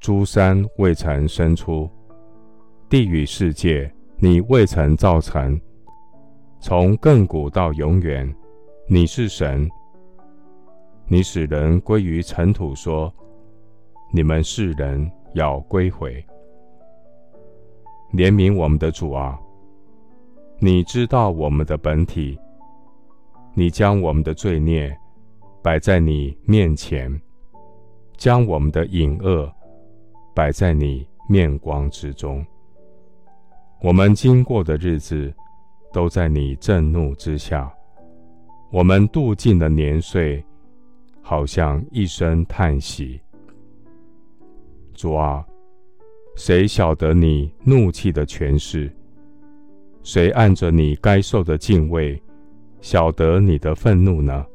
諸山未曾生出，地與世界你未曾造成。從亘古到永遠，你是神。你使人歸於塵土，說：“你們世人要歸回。”憐憫我們的主啊！你知道我們的本體。你將我們的罪孽擺在你面前，將我們的隱惡。擺在你面光之中，我們經過的日子，都在你震怒之下；我們度盡的年歲，好像一聲嘆息。主啊，誰曉得你怒氣的權勢？誰按着你該受的敬畏，曉得你的憤怒呢？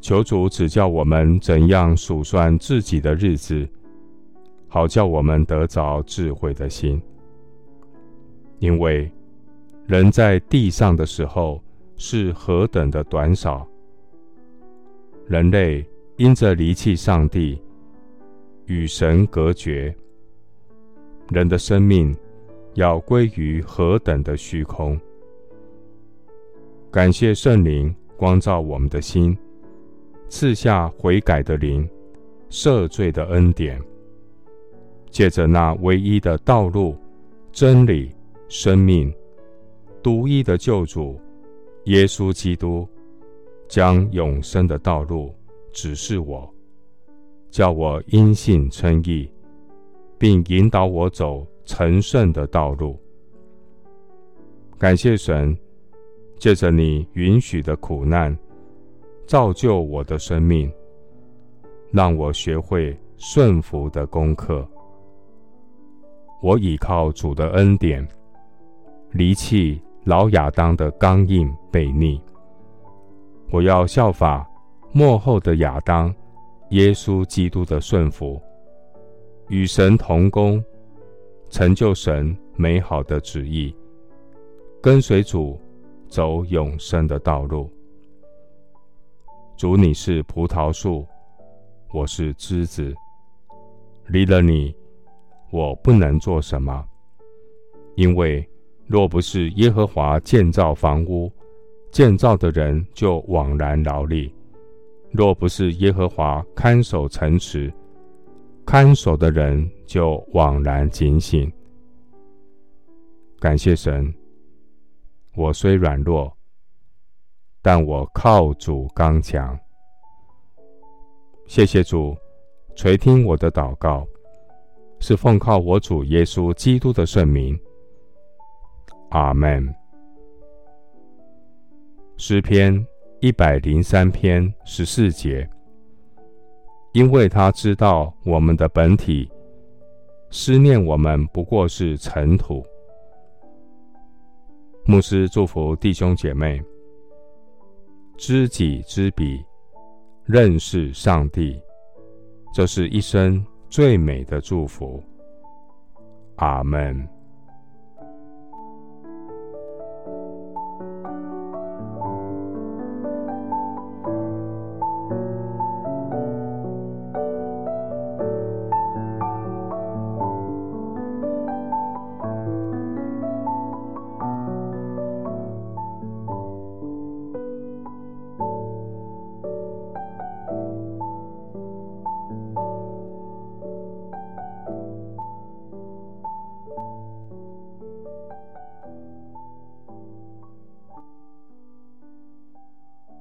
求主指教我們怎樣數算自己的日子。好叫我們得着智慧的心，因為人在地上的時候是何等的短少。人類因着離棄上帝，與神隔絕，人的生命要歸於何等的虛空！感謝聖靈光照我們的心，賜下悔改的靈，赦罪的恩典。借着那唯一的道路、真理、生命、獨一的救主耶穌基督，將永生的道路指示我，叫我因信稱義，並引導我走成聖的道路。感謝神，借着你允許的苦難，造就我的生命，讓我學會順服的功課。我倚靠主的恩典，離棄老亞當的剛硬悖逆。我要效法末後的亞當，耶穌基督的順服，與神同工，成就神美好的旨意，跟隨主走永生的道路。主，你是葡萄樹，我是枝子，離了你。我不能做什麼，因為若不是耶和華建造房屋，建造的人就枉然勞力；若不是耶和華看守城池，看守的人就枉然警醒。感謝神，我雖軟弱，但我靠主剛強。謝謝主，垂聽我的禱告。是奉靠我主耶穌基督的聖名，阿門。詩篇一百零三篇十四節，因為他知道我們的本體，思念我們不過是塵土。牧師祝福弟兄姐妹，知己知彼，認識上帝，這是一生，最美的祝福，阿門。